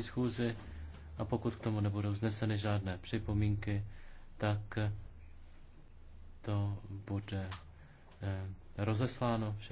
schůzi a pokud k tomu nebudou zneseny žádné připomínky, tak to bude eh, rozesláno všem.